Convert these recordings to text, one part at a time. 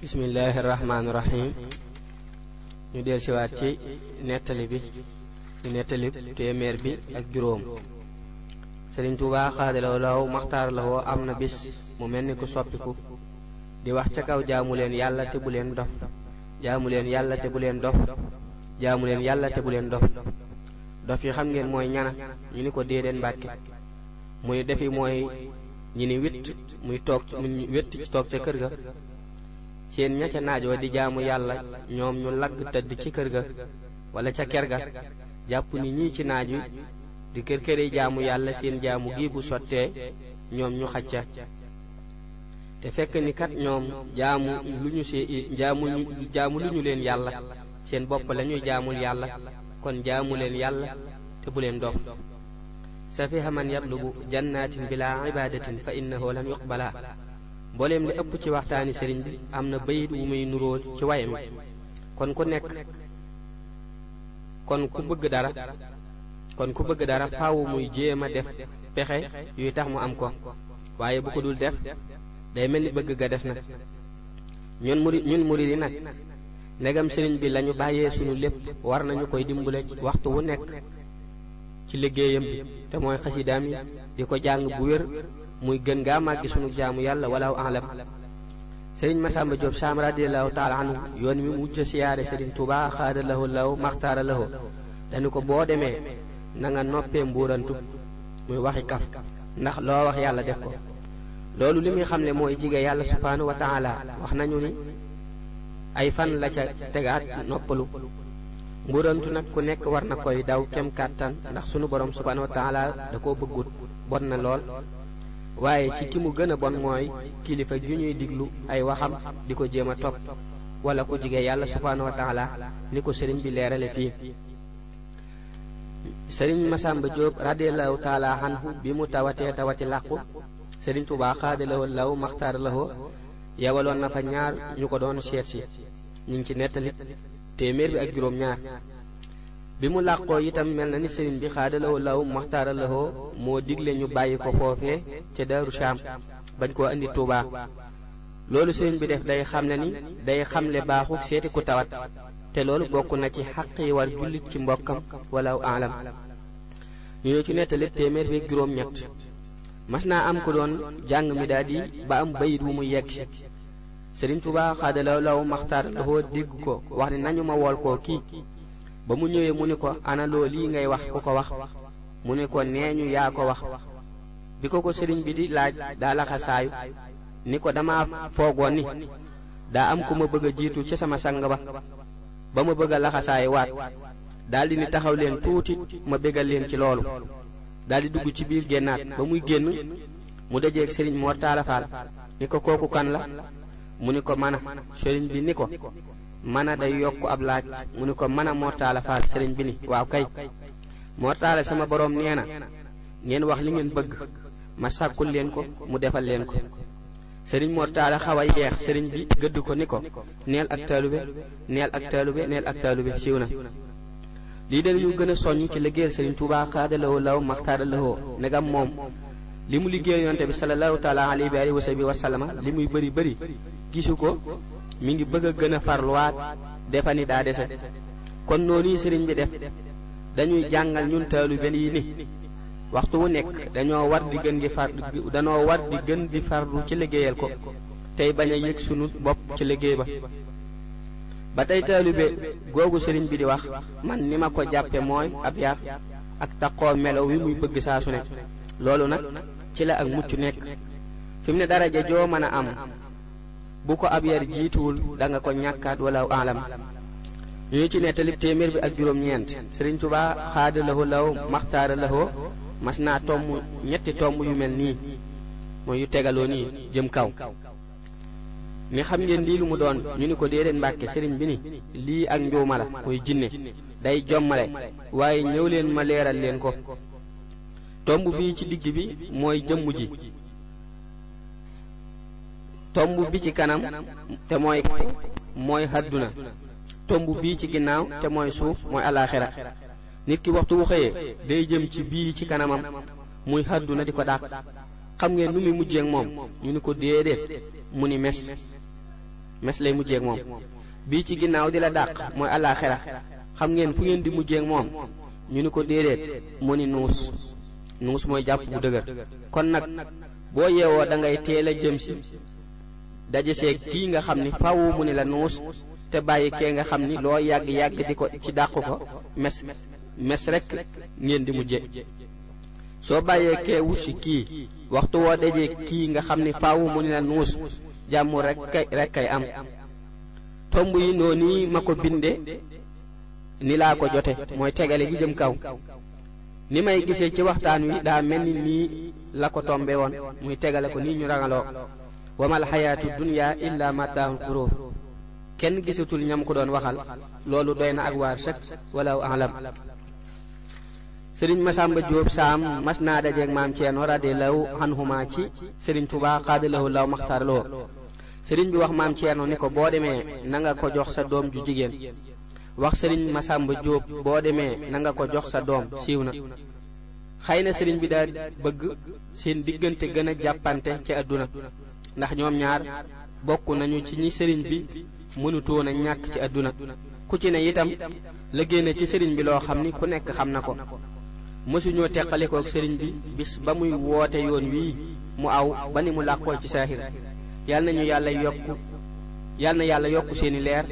bismillaahi rahmaani rahiim ñu del siwaat ci nettali bi ñu nettali téeméer bi ak juróom sëriñ Tuubaa xaadalaw law maxtaar la woo am na bis mu mel ni ku soppiku di wax ca kaw jaamu leen yàlla te bu leen dof jaamu leen yàlla te bu leen dof leen yàlla te leen dof yi xam ngeen mooy ñana ñu ni ko déedéen mbàkke mu ni defi mooy ñi ni witt muy toog mu wétt ci toog ca kër ga seen ña ca naaj di jaamu yàlla ñoom ñu lagg tëdd ci kër ga wala ca ker ga jàpp ni ñii ci naaj wi di kër këre jaamu yàlla seen jaamu gi bu sottee ñoom ñu xacca te fekk ni kat ñoom jaamu lu ñu see jaamu jaamu lu leen yàlla seen bopp lañuy jaamul yàlla kon jaamu leen yàlla te bu leen dof safiha man yatlubu jannatin bila ibadatin fa innahu lan yuqbala mbooleem li ëpp ci waxtaani sëriñ bi am na bayit wu muy nuróol ci wayam kon ku nekk kon ku bëgg dara kon ku bëgg dara faaw muy jéem a def pexe yuy tax mu am ko waaye bu ko dul def day mel ni bëgg ga def nag ñun murid ñun murid yi nag ndegam sëriñ bi lañu bàyyee sunu lépp war nañu koy dimbale waxtu wu nekk ci liggéeyam bi te mooy xasidaam yi di ko jàng bu wér muy gën ngaa màgg sunu jaamu yàlla walaaw alam sëriñ Masamba Diop Sam radiallahu taala anhu yoon mi mujj siyaare sëriñ Tuubaa xaada lahu law maxtaara dañu ko boo demee na nga noppee mbuurantu muy waxi kaf ndax loo wax yàlla def ko loolu li muy xam ne mooy jigéen yàlla subhaanahu wa taala wax nañu ni ay fan la ca tegaat noppalu mbuurantu nag ku nekk war na koy daw kem kàttan ndax sunu borom subhaanahu wa taala da koo bëggut bon na lool waaye ci ki mu gën a bon mooy kilifa ju ñuy diglu ay waxam di ko jéem a topp wala ko jige yàlla subhaanahu wa taala ni ko sëriñ bi leerale fii sëriñ Masamba Diop radiallahu taala anhu bi mu tawatee tawati làqu sëriñ Tuubaa xaadalawo law maxtaar lawo yewaloon na fa ñaar ñu ko doon seet si ñu ngi ci nettali téeméer bi ak juróom ñaar bi mu làqoo itam mel na ni sëriñ bi xaadalawo law maxtaara lahoo moo digle ñu bàyyi ko foofee ca daaru Shaam bañ koo indi Tuubaa loolu sëriñ bi def day xamle ni day xamle baaxuk seeti ku tawat te loolu bokk na ci xaq yi war jullit ci mbokkam walaw alam ñu ñoo ci nettali téeméer bi juróom ñett mas naa am ku doon jàng mi daal di ba am bayit wu mu yegg si sëriñ Tuubaa xaadalawo law maxtaara lahoo dégg ko wax ne nañu ma wool koo kii ba mu ñëwee mu ni ko ana lii ngay wax ku ko wax mu ni ko nee ñu yaa ko wax bi ko ko sëriñ bi di laaj daa laxasaayu ni ko dama foogoon ni daa am ku ma bëgg a jiitu ca sama sang ba ba ma bëgg a laxasaayu waat daldi ne taxaw leen tuuti ma bégal leen ci loolu daldi dugg ci biir génnaat ba muy génn mu dajeeg sëriñ Mor Talla Fall ni ko kooku kan la mu ni ko mana sëriñ bi ni ko mën a da yokk ab laaj mu ni ko mën a mortaala faal sëriñ bi ni waaw kay mortaala sama boroom nee na ngeen wax li ngeen bëgg ma sàkkul leen ko mu defal leen ko sëriñ mortaala xaw a yeex sëriñ bi gëdd ko ni ko neel ak taalube neel ak taalube neel ak taalube siiw na lii dañu gën a soññ ci liggéeyal sëriñ Tuubaa xaadalawoo law maxtaadalawoo negam moom li mu liggéeyal yonte bi sallallahu taala bi wa alihi wa li muy bëri bëri gisu ko mi ngi bëgg a gën a farluwaat defa ni daa dese kon noonu sëriñ bi def dañuy jàngal ñun taalibe yi ni waxtu wu nekk dañoo war di gën di war gën di farlu ci liggéeyal ko tey bañ a yëg sunu bopp ci liggéey ba ba tey taalibe googu sëriñ bi di wax man ni ma ko jàppe mooy ab yar ak taqoo melo wi muy bëgg saa su ne loolu nag ci la ak mucc nekk fi mu ne daraja joo mën a am bu ko ab yar jiituwul da ko ñàkkaat walaw alam ñu ngi ci nettalib téeméer bi ak juróom-ñeent sëriñ tubaa xaada laxo law maxtaara laxo mas naa tomb ñetti tomb yu mel nii mooy yu tegaloo nii jëm kaw ni xam ngeen lii lu mu doon ñu ni ko déedéet mbàkke sëriñ bi ni lii ak njuuma la muy jinne day jommale waaye ñëw leen ma leeral leen ko tomb bii ci digg bi mooy jëmm ji tomb bi ci kanam te mooy mooy àdduna tomb bii ci ginnaaw te mooy suuf mooy alaxira nit ki waxtu wu xëyee day jëm ci bii ci kanamam muy àdduna di ko dàq xam ngeen lu muy mujjee ak moom ñu ni ko déedéet mu ni mes mes lay mujjee ak moom bii ci ginnaaw di la dàq mooy alaxira xam ngeen fu ngeen di mujjee ak moom ñu ni ko déedéet mu ni nuus nuus mooy jàpp bu dëgër kon nag boo yeewoo da ngay teel a jëm si daje see kii nga xam ni faaw mu ni la nuus te bàyyi kee nga xam ni loo yàgg yàgg di ko ci dàq ko mes mes rek ngeen di mujje soo bàyyee kee wut kii waxtu woo dajee kii nga xam ni faaw mu ni la nuus jàmm rek kay rek kay am tomb yi noonu ma ko binde ni laa ko jote mooy tegale gi jëm kaw ni may gisee ci waxtaan wi daa mel ni nii la ko tombe woon muy tegale ko nii ñu rangaloo wamal xayaatu dunya illa mataaxul xuróor kenn gisatul ñam ko doon waxal loolu doy na ak waar sëkk walaw alam sëriñ masamba jóob saam mas naa dajeeg maam ceeno radiallahu anhuma ci sëriñ tuba xaadalahu law maxtarloo sëriñ bi wax maam ceeno ni ko boo demee na nga ko jox sa doom ju jigéen wax sëriñ masamba jóob boo demee na nga ko jox sa doom siiw na xëy na sëriñ bi daal bëgg seen diggante gën a jàppante ci àdduna ndax ñoom ñaar bokk nañu ci ñi sëriñ bi mënutoon a ñàkk ci àdduna ku ci ne itam la génn ci sëriñ bi loo xam ni ku nekk xam na ko mësuñoo teqalikook sëriñ bi bis ba muy woote yoon wii mu aw ba ni mu làqool ci saahir yal nañu yàlla yokk na yàlla yokk seeni leer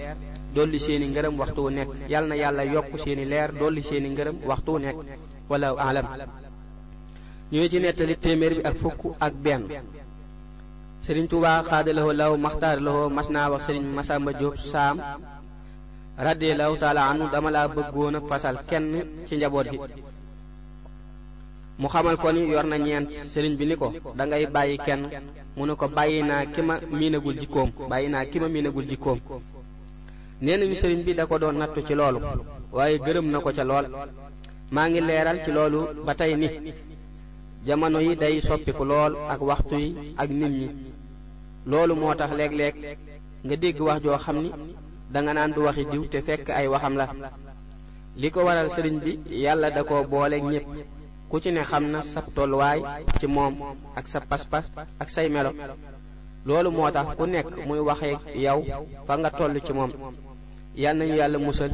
dolli seeni ngërëm waxtu wu nekk yal na yàlla yokk seeni leer dolli seeni ngërëm waxtu wu nekk wala alam ñu ci nettali téeméer bi ak fukk ak benn sëriñ Tuubaa xaadalawoo law maxtaar lawoo mas naa wax sëriñ Masamba Diop saam radiallahu taala anhu dama laa bëggoon fasal kenn ci njaboot gi mu xamal ko ni yor na ñeent sëriñ bi ni ko da bàyyi kenn mu ne ko bàyyi naa ki ma miinagul jikkoom bàyyi naa ki ma miinagul jikkoom nee nañu sëriñ bi da ko doon nattu ci loolu waaye gërëm na ko ca lool maa ngi leeral ci loolu ba tey ni jamono yi day soppiku lool ak waxtu yi ak nit ñi loolu moo tax léeg-léeg nga dégg wax joo xam ni danga naan du waxi diw te fekk ay waxam la li ko waral sëriñ bi yàlla da koo booleeg ñépp ku ci ne xam na sab tolluwaay ci moom ak sa pas-pas ak say melo loolu moo tax ku nekk muy waxee yow fa nga toll ci moom yal nañu yàlla musal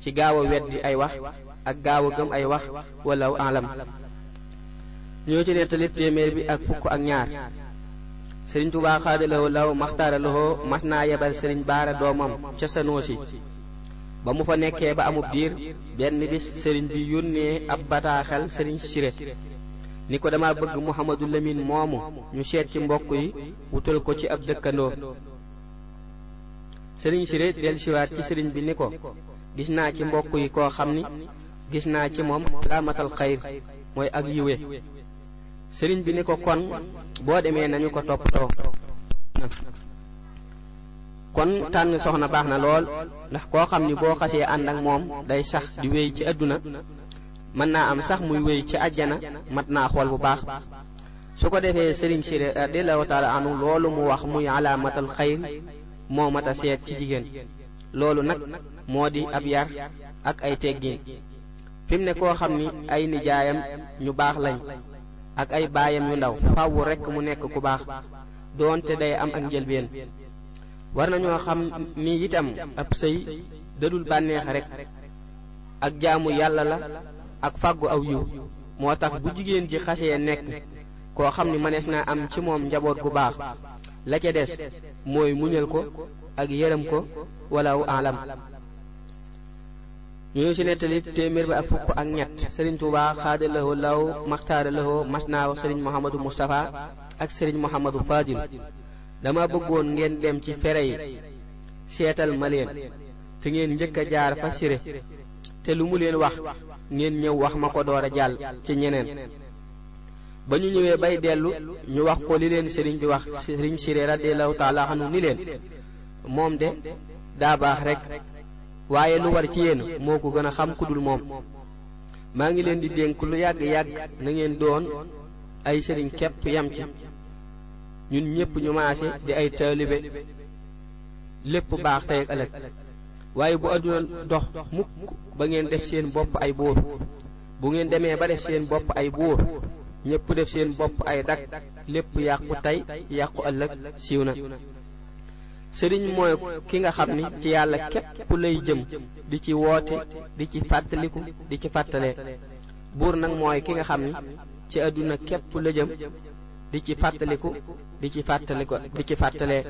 ci gaaw a weddi ay wax ak gaaw a gëm ay wax wala alam ñoo ci nettali téeméer bi ak fukk ak ñaar sëriñ Tuubaa xaadalawo law maxtaara mas naa yebal sëriñ baara doomam ca sanoosi ba mu fa nekkee ba amul biir benn bis sëriñ bi yónnee ab bataaxel sëriñ Siré ni ko dama bëgg Muhammadu Lamin moomu ñu seet ci mbokk yi wutal ko ci ab dëkkandoo sëriñ Siré dellusiwaat ci sëriñ bi ni ko gis naa ci mbokk yi koo xam ni gis naa ci moom alaamatal xayr mooy ak yiwe sëriñ bi ni ko kon boo demee nañu ko toppatoo kon tànn soxna baax na lool ndax koo xam ni boo xasee ànd ak moom day sax di wéy ci àdduna mën naa am sax muy wéy ci àjjana mat naa xool bu baax su ko defee sëriñ si eh, radiallahu taala anu loolu mu wax muy alaamatul xayr moo mat a seet ci jigéen loolu nag moo di ab yar ak ay teggiin fi mu ne koo xam ni ay nijaayam ñu baax lañ ak ay baayam yu ndaw fàwwu rekk mu nekk ku baax doonte day am ak njëlbeen war nañoo xam ni itam ab sëy dadul bànneex rek ak jaamu yàlla la ak fàggu aw yiw moo tax bu jigéen ji xasee nekk koo xam ni mënees naa am ci moom njaboot gu baax la ca des mooy muñal ko ak yërëm ko walla walawu alam ñoo ci nettali téeméer ba ak fukk ak ñett sëriñ Tuuba xaadalahoo law maxtaaralahoo mas naa wax sëriñ Mouhamadou Moustapha ak sëriñ Mouhamadou Fadil dama bëggoon ngeen dem ci fere yi seetal ma leen te ngeen njëkk a jaar fa siré te lu mu leen wax ngeen ñëw wax ma ko door a jàll ci ñeneen ba ñu ñëwee bay dellu ñu wax ko li leen sëriñ bi wax sëriñ siré radiyallahu taala anhu ni leen moom de daa baax rek waaye lu war ci yéen moo ko gën a xam ku dul moom maa ngi leen di dénk lu yàgg-yàgg na ngeen doon ay sëriñ képp yam ci ñun ñépp ñu maase di ay taalibe lépp baax tey ak ëllëg waaye bu àdduna dox mukk ba ngeen def seen bopp ay buur bu ngeen demee ba def seen bopp ay buur ñépp def seen bopp ay dag lépp yàqu tey yàqu ëllëg siiw na sëriñ mooy ki nga xam ni ci yàlla képp lay jëm di ci woote di ci fàttaliku di ci fàttalee buur nag mooy ki nga xam ni ci àdduna képp la jëm di ci fàttaliku di ci fàttaliku di ci fàttalee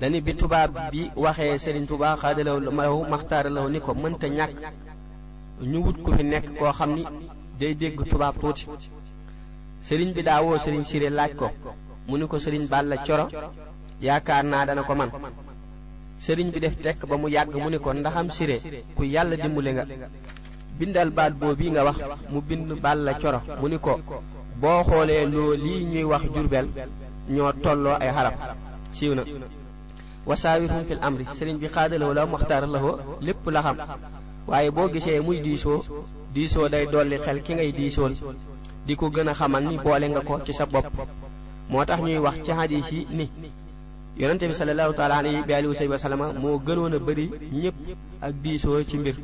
dañu bi tubaab bi waxee sëriñ Tuubaa xaadalaw law maxtaaralaw ni ko mënta ñàkk ñu wut ku fi nekk koo xam ni day dégg tubaab tuuti sëriñ bi daawoo sëriñ Siré laaj ko mu ni ko sëriñ Balla Coro yaakaar naa dana ko man sëriñ bi def tekk ba mu yàgg mu ni ko ndaxam siré ku yàlla dimbali nga bindal baat boobu nga wax mu bind Balla Coro mu ni ko boo xoolee loo lii ñuy wax jurbel ñoo tolloo ay xarab siiw na wasaawirhum fil amri sëriñ bi xaadalawo la ko lépp la xam waaye boo gisee muy diisoo diisoo day dolli xel ki ngay diisool di ko gën a xamal ni boole nga ko ci sa bopp moo tax ñuy wax ci xadiis yi ni yonente bi sallallahu taala alayhi bi alihi wa sahbihi moo gënoon a bëri ñépp ak diisoo ci mbir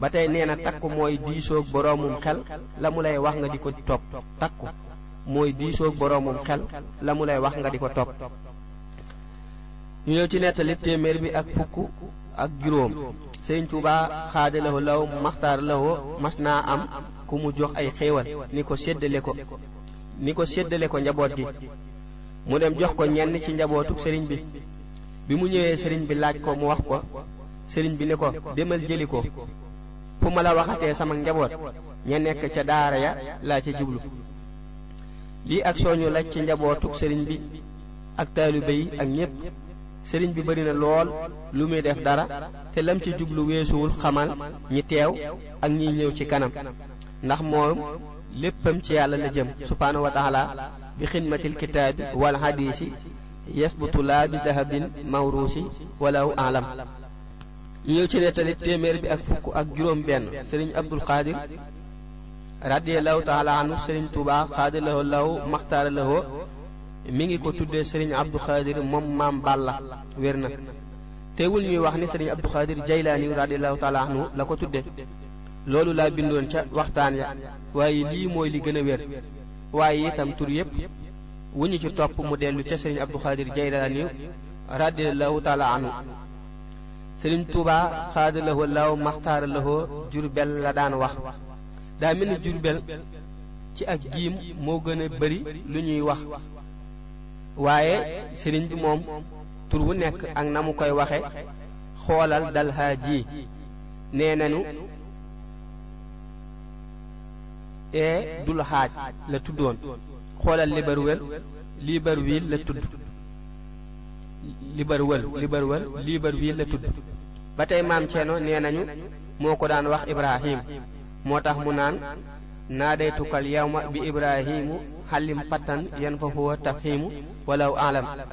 ba tey nee na takku mooy diisoog boroomum xel la mu lay wax nga di ko topp takku mooy diisoog boroomum xel la mu lay wax nga di ko topp ñu ñëw ci nettali téeméer bi ak fukk ak juróom sëriñ Tuubaa xaadalahu law maxtaar lawoo mas naa am ku mu jox ay xéewal ni ko séddale ko ni ko séddale ko njaboot gi mu dem jox ko ñenn ci njabootu sëriñ bi bi mu ñëwee sëriñ bi laaj ko mu wax ko sëriñ bi ni ko demal jëli ko fu ma la waxatee sama njaboot ña nekk ca daara ya laa ca jublu lii ak sooñu la ci njabootu sëriñ bi ak taalibe yi ak ñépp sëriñ bi bari na lool lu muy def dara te lam ci jublu weesuwul xamal ñi teew ak ñiy ñëw ci kanam ndax moom léppam ci yàlla la jëm subhaanahu bi xidmatil kitaabi wal hadiisi yasbutu laa bi zahabin mawruusi walaw alam ñëw ci nettali téeméer bi ak fukk ak juróom benn sëriñ abdul xaadir radiallahu taala sëriñ tuuba xaadir lahoo lahoo maxtaara lahoo mi ngi ko tuddee sëriñ abdul xaadir moom maam ñuy wax ni sëriñ abdul xaadir jaylaani radiallahu la ko tudde loolu laa bindoon ca waxtaan ya waaye lii mooy li gën a wér waaye itam tur yépp wu ñu ci topp mu dellu ca sëriñ Abdou Khadir Jaylaani radiyallahu taala anhu sëriñ Tuuba xaada lahoo laaw maxtaara lahoo Jurbel la daan wax daa mel ci ak giim moo gën a bari lu ñuy wax waaye sëriñ bi moom tur wu nekk ak na mu koy waxe xoolal dal haaji nee nañu ee dul xaaj la tuddoon xoolal Liberwell Libreville la tudd Liberwell Liberwell Libreville la tudd ba tey maam Ceerno nee nañu moo ko daan wax Ibrahim moo tax mu naan naadaytukal yawma bi Ibrahimu xalim pattan yan fa huwa tafhimu walaw alam